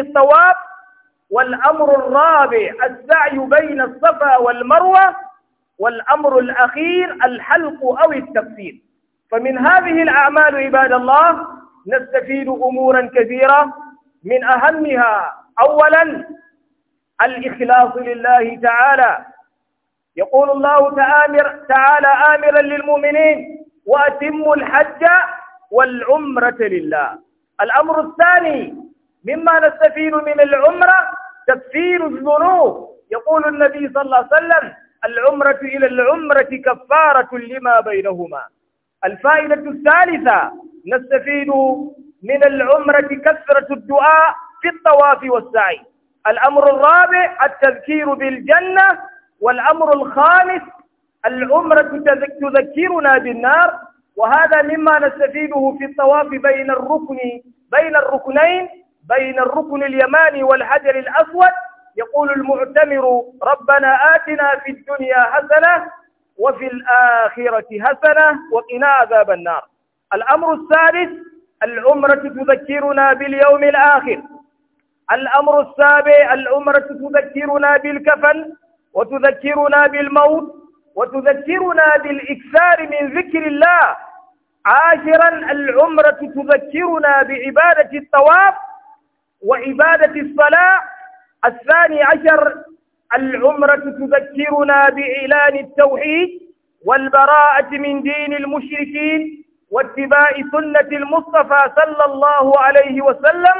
الطواف والأمر الرابع السعي بين الصفا والمروة والأمر الأخير الحلق أو التقصير فمن هذه الأعمال عباد الله نستفيد أمورا كثيرة من أهمها أولا الإخلاص لله تعالى يقول الله تعالى آمرا للمؤمنين وأتموا الحج والعمرة لله الأمر الثاني مما نستفيد من العمرة تكفير الذنوب يقول النبي صلى الله عليه وسلم العمرة إلى العمرة كفارة لما بينهما الفائدة الثالثة نستفيد من العمرة كثرة الدعاء في الطواف والسعي الأمر الرابع التذكير بالجنة والأمر الخامس العمرة تذكرنا بالنار وهذا مما نستفيده في الطواف بين الركن بين الركنين بين الركن اليماني والحجر الأسود يقول المعتمر ربنا آتنا في الدنيا حسنة وفي الآخرة حسنة وقنا عذاب النار الأمر الثالث العمرة تذكرنا باليوم الآخر الأمر السابع العمرة تذكرنا بالكفن وتذكرنا بالموت وتذكرنا بالإكثار من ذكر الله عاشرا العمرة تذكرنا بعبادة الطواف وعبادة الصلاة الثاني عشر العمرة تذكرنا بإعلان التوحيد والبراءة من دين المشركين واتباع سنة المصطفى صلى الله عليه وسلم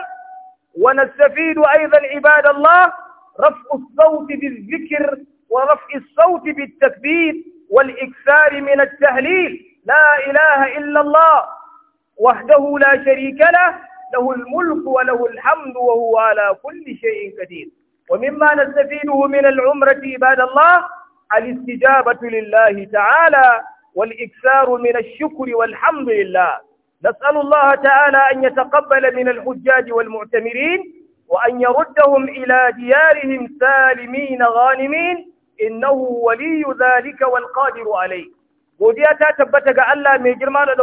ونستفيد أيضا عباد الله رفع الصوت بالذكر ورفع الصوت بالتكبير والإكثار من التهليل لا إله إلا الله وحده لا شريك له له الملك وله الحمد وهو على كل شيء قدير ومما نستفيده من العمرة عباد الله الاستجابة لله تعالى والإكثار من الشكر والحمد لله نسأل الله تعالى أن يتقبل من الحجاج والمعتمرين وأن يردهم إلى ديارهم سالمين غانمين إنه ولي ذلك والقادر عليه godiya ta ألا ga Allah mai girma da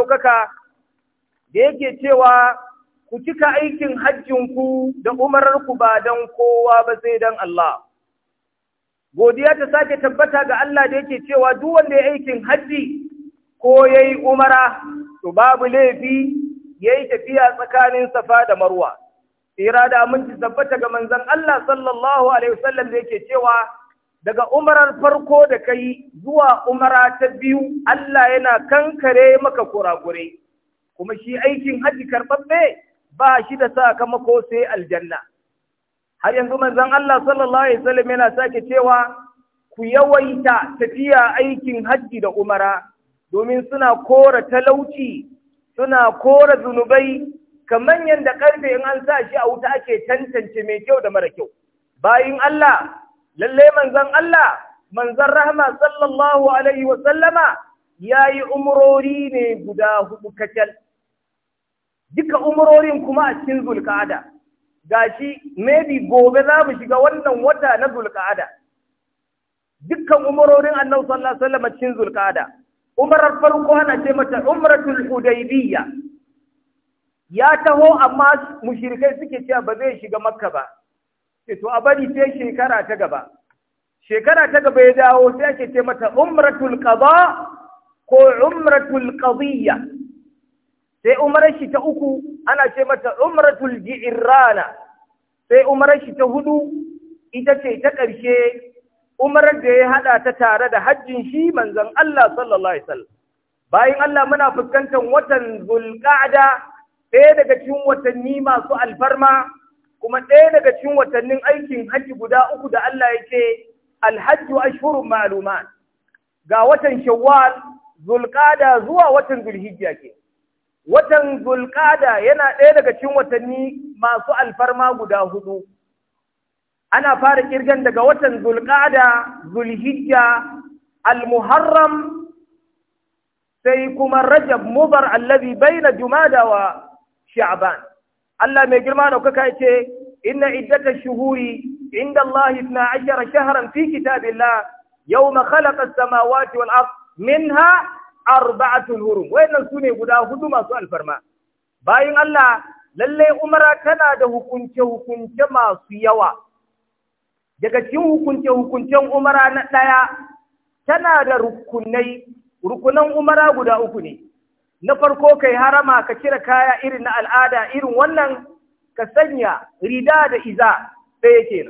ku cika aikin hajjinku da umararku ba don kowa ba sai don Allah. Godiya ta sake tabbata ga Allah da yake cewa duk wanda ya aikin hajji ko ya yi umara, to babu laifi ya yi tafiya tsakanin safa da marwa. Tsira da aminci tabbata ga manzan Allah sallallahu Alaihi wasallam da yake cewa daga umarar farko da ka yi zuwa umara ta biyu Allah yana kankare maka kurakurai. Kuma shi aikin hajji karɓaɓɓe ba shi da sakamako sai aljanna har yanzu manzon Allah sallallahu alaihi wasallam yana sake cewa ku yawaita tafiya aikin hajji da umara domin suna kora talauci suna kora zunubai kamar yadda karfe in an sa shi a wuta ake tantance mai kyau da mara kyau bayin Allah lalle manzon Allah manzon rahma sallallahu alaihi wasallama yayi umrori ne guda hudu kacal duka umarorin kuma a cikin zulka'ada gashi maybe gobe za mu shiga wannan wata na zulka'ada dukkan umarorin annabi sallallahu alaihi wasallam cikin zulka'ada umarar farko ana ce mata umratul hudaybiyya ya taho amma mushrikai suke cewa ba zai shiga makka ba to a bari sai shekara ta gaba shekara ta gaba ya dawo sai ake ce mata umratul qada ko umratul qadiyya sai umarar shi ta uku ana ce mata umratul ji'irrana sai umarar shi ta hudu ita ce ta ƙarshe umarar da ya hada ta tare da hajjin shi manzon Allah sallallahu alaihi wasallam bayan Allah muna fuskantar watan zulqa'da ɗaya daga cikin watanni masu alfarma kuma ɗaya daga cikin watannin aikin hajji guda uku da Allah ya ce alhajju ashhurun ma'lumat ga watan shawwal zulqa'da zuwa watan zulhijja ke watan zulƙada yana ɗaya daga cikin watanni masu alfarma guda hudu ana fara kirgan daga watan zulƙada zulhijja almuharram sai kuma rajab mubar allazi baina jumada wa sha'ban Allah mai girma da kuka ce inna iddata shuhuri inda Allah 12 shahran fi kitabillah yawma khalaqa as-samawati wal ard minha arba'atul hurum wayannan sune guda hudu masu alfarma bayin Allah lalle umara tana da hukunce hukunce masu yawa daga cikin hukunce hukuncen umara na daya tana da rukunai rukunan umara guda uku ne na farko kai harama ka cire kaya irin na al'ada irin wannan ka sanya rida da iza sai yake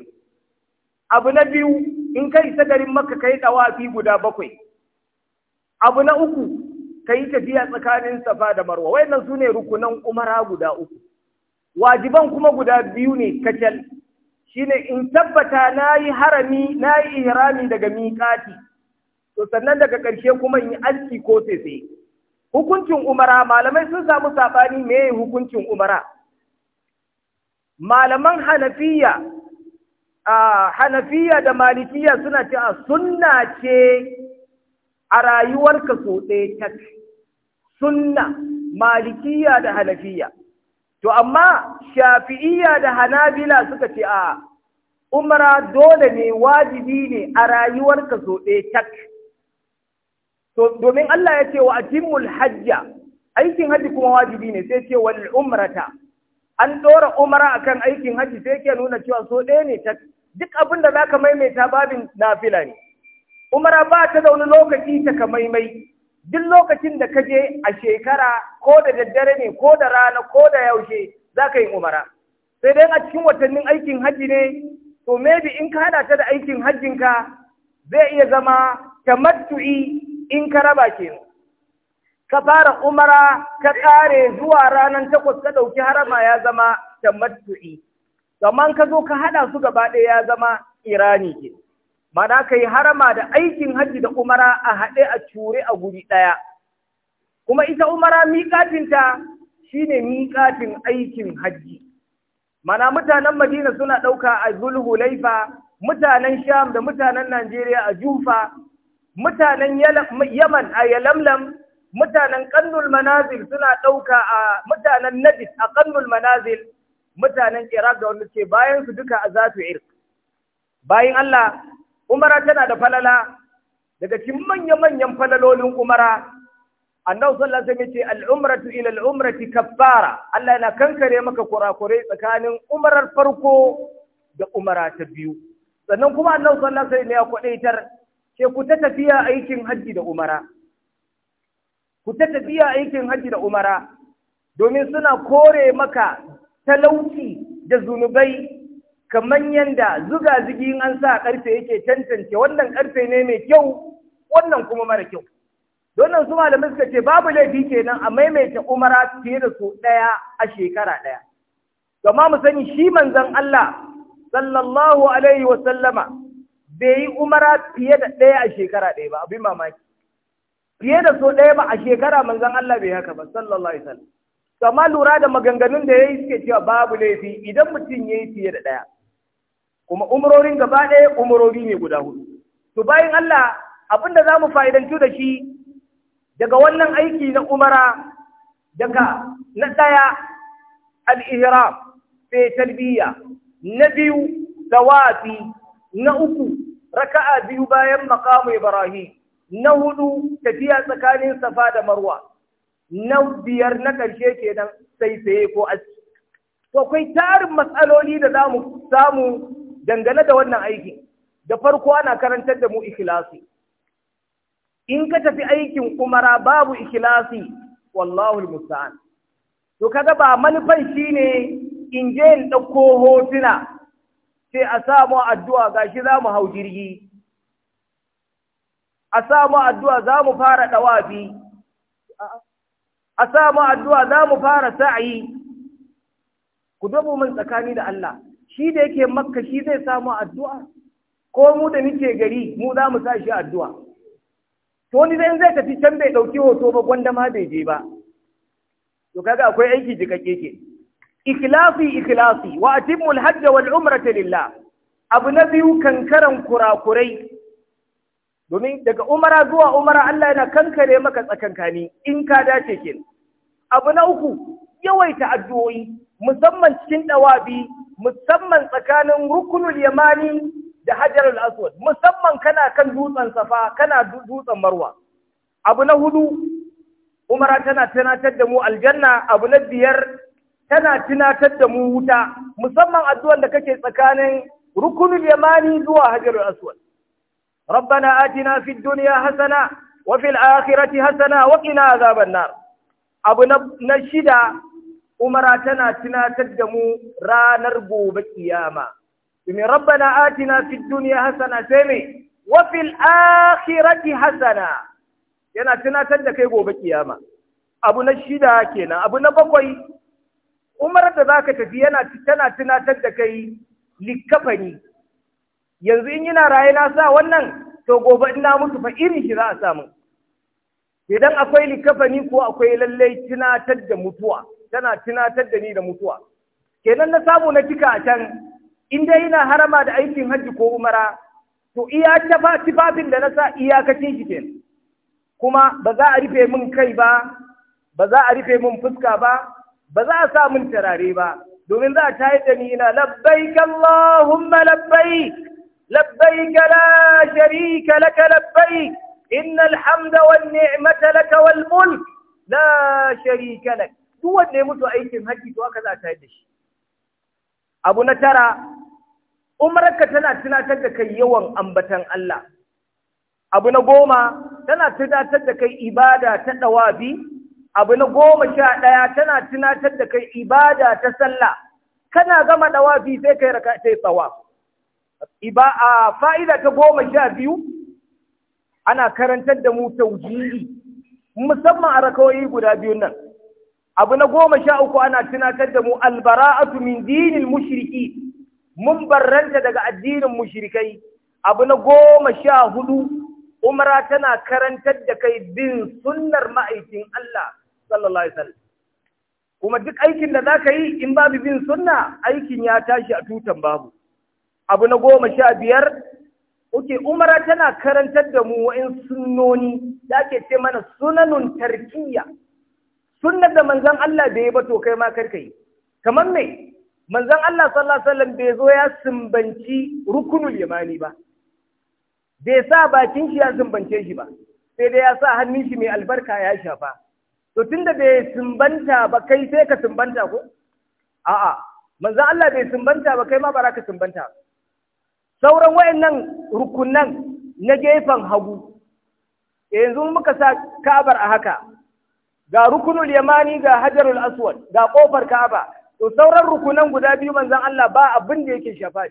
abu na biyu in kai sagarin maka kai dawafi guda bakwai abu na uku ka yi tafiya tsakanin safa da marwa wayannan su ne rukunan umara guda uku wajiban kuma guda biyu ne kacal shine in tabbata na yi harami na yi ihrami daga miƙati to sannan daga ƙarshe kuma in yi aski ko sese hukuncin umara malamai sun samu saɓani me hukuncin umara malaman hanafiya a hanafiya da malikiya suna ce a sunna ce a rayuwarka so ɗaya tak sunna malikiya da hanafiya to amma shafi'iya da hanabila suka ce a umara dole ne wajibi ne a rayuwarka so ɗaya tak to domin Allah ya ce wa atimul hajja aikin haji kuma wajibi ne sai ce wal umrata an ɗora umara a kan aikin haji sai ke nuna cewa so ɗaya ne tak duk abin da zaka maimaita babin na filani. umara ba ta da wani lokaci ta kamaimai duk lokacin da ka je a shekara ko da daddare ne ko da rana ko da yaushe za ka yi umara sai dai a cikin watannin aikin hajji ne to maybe in ka hada ta da aikin hajjinka zai iya zama tamattu'i in ka raba kenan ka fara umara ka kare zuwa ranar takwas ka ɗauki harama ya zama matu'i. Zaman ka zo ka haɗa su gaba ɗaya ya zama irani ke. Mana ka yi harama da aikin hajji da umara a haɗe a cure a guri ɗaya. Kuma ita umara miƙatinta shi ne miƙatin aikin hajji. Mana mutanen Madina suna ɗauka a Zulhulaifa, mutanen Sham da mutanen Najeriya a Jufa, mutanen Yaman a Yalamlam, mutanen Kannul Manazil suna ɗauka a mutanen Najis a Kannul Manazil, mutanen Iraq da wanda ke bayan su duka a Zatu Irk. Bayan Allah umara tana da falala daga cikin manya-manyan falalolin umara annabi sallallahu alaihi wasallam ce al-umratu ila al-umrati Allah yana kankare maka kurakurai tsakanin umarar farko da umara ta biyu sannan kuma annabi sallallahu alaihi wasallam ya kwadaitar ke ku ta tafiya aikin hajji da umara ku ta tafiya aikin haji da umara domin suna kore maka talauci da zunubai kamar yanda zuga zigi an sa karfe yake tantance wannan karfe ne mai kyau wannan kuma mara kyau Don nan su malamai suka ce babu laifi kenan a maimaita umara fiye da su ɗaya a shekara ɗaya. Gama mu sani shi manzon Allah sallallahu alaihi wa sallama bai yi umara fiye da ɗaya a shekara ɗaya ba abin mamaki. Fiye da so ɗaya ba a shekara manzon Allah bai haka ba sallallahu alaihi wa sallam. Gama lura da maganganun da ya yi suke cewa babu laifi idan mutum ya yi fiye da ɗaya. kuma umarorin gaba ɗaya umarori ne guda hudu to bayan Allah abin da za mu fa'idantu da shi daga wannan aiki na umara daga na ɗaya al-ihram talbiya na biyu tawafi na uku raka'a biyu bayan Makamu ibrahim na hudu tafiya tsakanin safa da marwa na biyar na ƙarshe kenan sai sai ko aski akwai tarin matsaloli da za mu samu dangane da wannan aiki da farko ana karantar da mu ikhlasi in ka tafi aikin umara babu ikhlasi wallahu almusta'an to kaga ba manufan shine in je in dauko hotuna sai a samu addu'a gashi za mu hau jirgi a samu addu'a za mu fara dawafi a samu addu'a za mu fara sa'ayi ku dubo mun tsakani da Allah shi da yake makka shi zai samu addu'a ko mu da muke gari mu za mu sa shi addu'a to dai in zai tafi can bai ɗauki hoto ba gwanda ma bai je ba to kaga akwai aiki jikakke ke ikhlasi ikhlasi wa atimul hajj wal umrata lillah abu na biyu kankaran kurakurai domin daga umara zuwa umara Allah yana kankare maka tsakankani in ka dace ke abu na uku yawaita addu'o'i musamman cikin dawabi musamman tsakanin rukunul yamani da hajarul aswad musamman kana kan dutsen safa kana dutsen marwa abu na hudu umara tana tunatar da mu aljanna abu na biyar tana tunatar da mu wuta musamman addu'an da kake tsakanin rukunul yamani zuwa hajarul aswad rabbana atina fid dunya hasana wa fil akhirati hasana wa qina azaban nar abu na shida umara tana tunatar da mu ranar gobe kiyama Dumi rabbana atina fid dunya hasana sai me wa fil akhirati hasana yana tunatar da kai gobe kiyama abu na shida kenan abu na bakwai umar da zaka tafi yana tana tunatar da kai likafani yanzu in yana raye na sa wannan to gobe ina mutu fa irin shi za a samu idan akwai likafani ko akwai lallai tunatar da mutuwa tana tunatar da ni da mutuwa kenan na samu na cika a can in dai ina harama da aikin hajji ko umara to iya tufafin da na sa iyakacin shi kenan kuma ba za a rufe min kai ba ba za a rufe min fuska ba ba za a sa min tarare ba domin za a tayar da ni ina labbaik Allahumma labbaik labbaik la sharika laka labbaik innal hamda wan ni'mata laka wal mulk la sharika laka duk wanda ya mutu aikin haƙi to haka za ta yi da shi abu na tara umarka tana tunatar da kai yawan ambatan Allah abu na goma tana tunatar da kai ibada ta dawabi abu na goma sha ɗaya tana tunatar da kai ibada ta sallah kana gama dawabi sai kai raka sai tsawa iba a fa'ida ta goma sha biyu ana karantar da mu taujihi musamman a rakawoyi guda biyun nan abu na goma sha uku ana tunatar da mu albara'atu min dinil mushriki mun barranta daga addinin mushrikai abu na goma sha hudu umara tana karantar da kai bin sunnar ma'aikin Allah sallallahu alaihi kuma duk aikin da zaka yi in babu bin sunna aikin ya tashi a tutan babu abu na goma sha biyar Oke, umara tana karantar da mu wa'in sunnoni da ake ce mana sunanun tarkiyya sunnar da manzon Allah bai yi ba to kai ma karka yi kamar me manzon Allah sallallahu alaihi wasallam bai zo ya sumbanci rukunul yamani ba bai sa bakin shi ya sumbance shi ba sai dai ya sa hannun shi mai albarka ya shafa to tunda bai sumbanta ba kai sai ka sumbanta ko a'a manzon Allah bai sumbanta ba kai ma ba za ka sumbanta sauran wayannan rukunan na gefen hagu yanzu muka sa kabar a haka ga rukunul yamani ga hajarul aswad ga kofar ka'aba to sauran rukunan guda biyu manzon Allah ba abin da yake shafa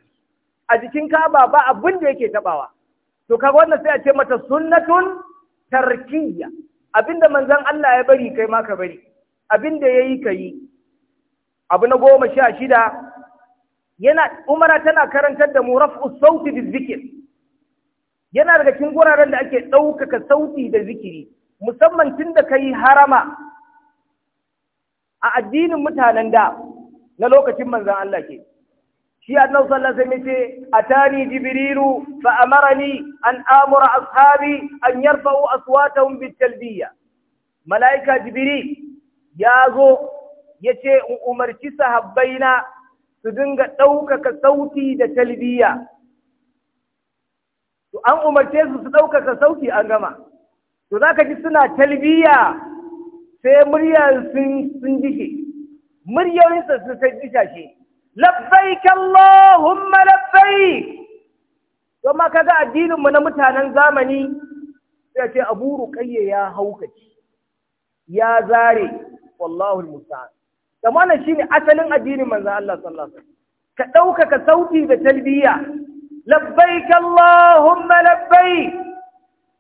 a jikin ka'aba ba abin da yake tabawa to kaga wannan sai a ce mata sunnatun tarkiyya abinda manzon Allah ya bari kai ma ka bari abinda yayi kai abu na goma sha shida yana umara tana karantar da mu raf'u sauti bizikir yana daga cikin guraren da ake ɗaukaka sauti da zikiri musamman tun da ka yi harama a addinin mutanen da na lokacin manzan Allah ke shi annabi sallallahu alaihi wasallam yace atani jibrilu fa amarani an amura ashabi an yarfa'u aswatahum talbiya malaika jibril ya zo yace in umarci sahabbaina su dinga ɗaukaka sauti da talbiya to an umarce su su ɗaukaka sauti an gama to za ka ji suna talbiya sai murya sun dishe muryoyinsa sun sai disha shi labbaik Allahumma labbaik to ma kaga addinin mu na mutanen zamani sai ce Abu Ruqayya ya haukaci ya zare wallahu almusta'an zamanin shine asalin addinin manzo Allah sallallahu alaihi wasallam ka ɗaukaka sauti da talbiya labbaik Allahumma labbaik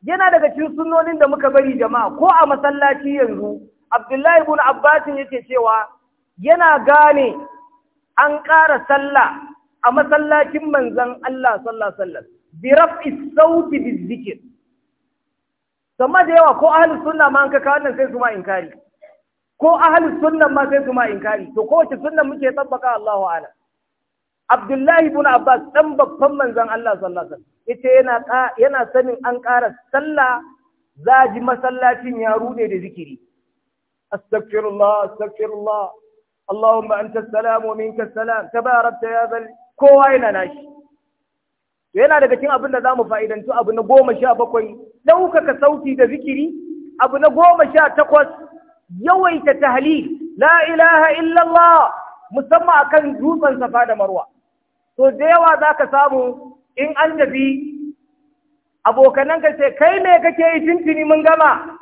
yana daga cikin sunnonin da muka bari jama'a ko a masallaci yanzu abdullahi ibn abbas yake cewa yana gane an ƙara sallah a masallacin manzon Allah sallallahu alaihi wasallam bi raf'i sauti bizikr sama da yawa ko ahlus sunna ma an ka kawo nan sai su ma inkari ko ahlus sunna ma sai su ma inkari to ko wace sunna muke tabbaka Allahu ala. Abdullahi ibn Abbas dan babban manzon Allah sallallahu alaihi wasallam ita yana sanin an ƙara sallah za ji masallacin ya rude da zikiri astaghfirullah astaghfirullah Allahumma anta salam wa minka salam rabta ya zal kowa yana nashi yana daga cikin abin da za mu fa'idantu abu na goma sha bakwai ɗaukaka sauti da zikiri abu na goma sha takwas yawaita hali. la ilaha illallah musamman akan dutsen safa da marwa to da yawa zaka samu in an tafi abokanan ka ce kai me kake yi tuntuni mun gama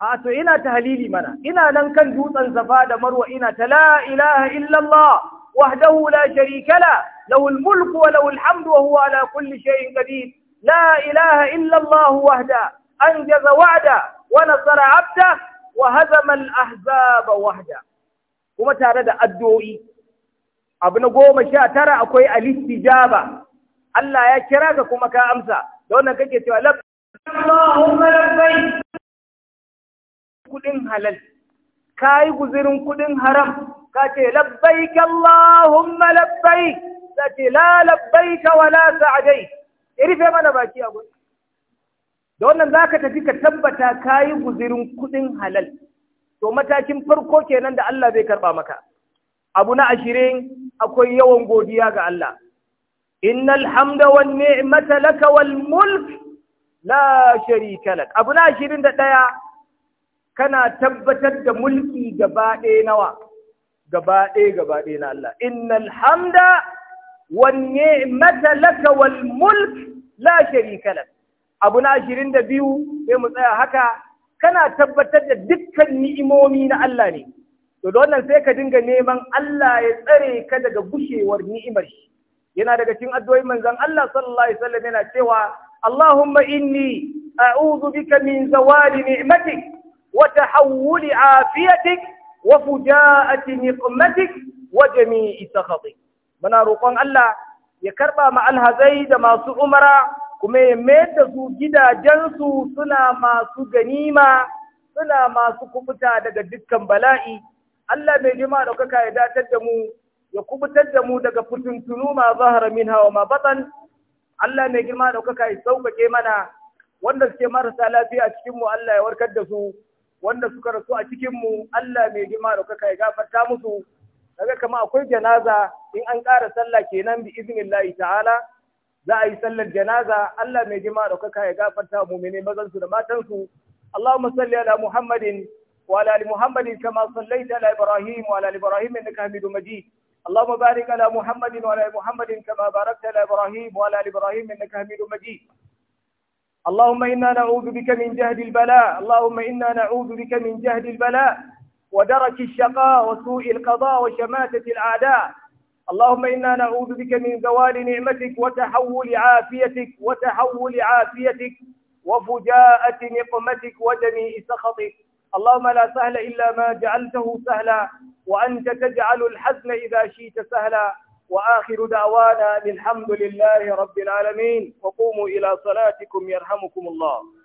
a to ina ta halili mana ina nan kan dutsen safa da marwa ina ta la ilaha illallah wahdahu la sharika la lahu almulk wa lahu hamdu wa huwa ala kulli shay'in qadir la ilaha illallah wahda anjaza wa'da wa nasara 'abda wa hazama alahzaba wahda kuma tare da addu'o'i abu na goma sha tara akwai alistijaba Allah ya kira ka kuma ka amsa da wannan kake cewa lab Allahumma labbaik kudin halal kai guzirin kudin haram ka ce labbaik Allahumma labbaik ka ce la labbaik wala sa'dai irfe mana baki a gurin da wannan zaka tafi ka tabbata kai guzirin kudin halal to matakin farko kenan da Allah zai karba maka abu na ashirin akwai yawan godiya ga Allah Inna alhamda wal ni'mata laka wal mulk la sharika lak. Abu na 21 kana tabbatar da mulki gaba ɗaya nawa gaba ɗaya na Allah. Inna alhamda wal ni'mata laka wal mulk la sharika lak. Abu na 22 sai mu tsaya haka kana tabbatar da dukkan ni'imomi na Allah ne. To wannan sai ka dinga neman Allah ya tsare ka daga bushewar ni'imar shi. yana daga cikin addu'o'in manzon Allah sallallahu alaihi wasallam yana cewa Allahumma inni a'udhu bika min zawali ni'matik wa tahawuli afiyatik wa fujaati niqmatik wa jami'i sakhatik muna roƙon Allah ya karba ma alhazai da masu umara kuma ya da su gidajensu suna masu ganima suna masu kubuta daga dukkan bala'i Allah mai jima ɗaukaka ya datar da mu ya kubutar da mu daga fitintunu ma zahara min hawa ma batan Allah mai girma da kuka ya sauƙaƙe mana wanda suke marasa lafiya a cikinmu Allah ya warkar da su wanda suka rasu a cikinmu Allah mai girma ɗaukaka ya gafarta musu daga kama akwai janaza in an ƙara sallah kenan bi iznillahi ta'ala za a yi sallar janaza Allah mai girma ɗaukaka ya gafarta mu'mini mazan su da matan su Allahumma salli ala Muhammadin وعلى ال محمد كما صليت على ابراهيم وعلى ال ابراهيم انك حميد اللهم بارك على محمد وعلى محمد كما باركت على إبراهيم وعلى آل إبراهيم إنك حميد مجيد اللهم إنا نعوذ بك من جهد البلاء اللهم إنا نعوذ بك من جهد البلاء ودرك الشقاء وسوء القضاء وشماتة الأعداء اللهم إنا نعوذ بك من زوال نعمتك وتحول عافيتك وتحول عافيتك وفجاءة نقمتك ودميء سخطك اللهم لا سهل إلا ما جعلته سهلا وأنت تجعل الحزن إذا شئت سهلا وآخر دعوانا الحمد لله رب العالمين وقوموا إلى صلاتكم يرحمكم الله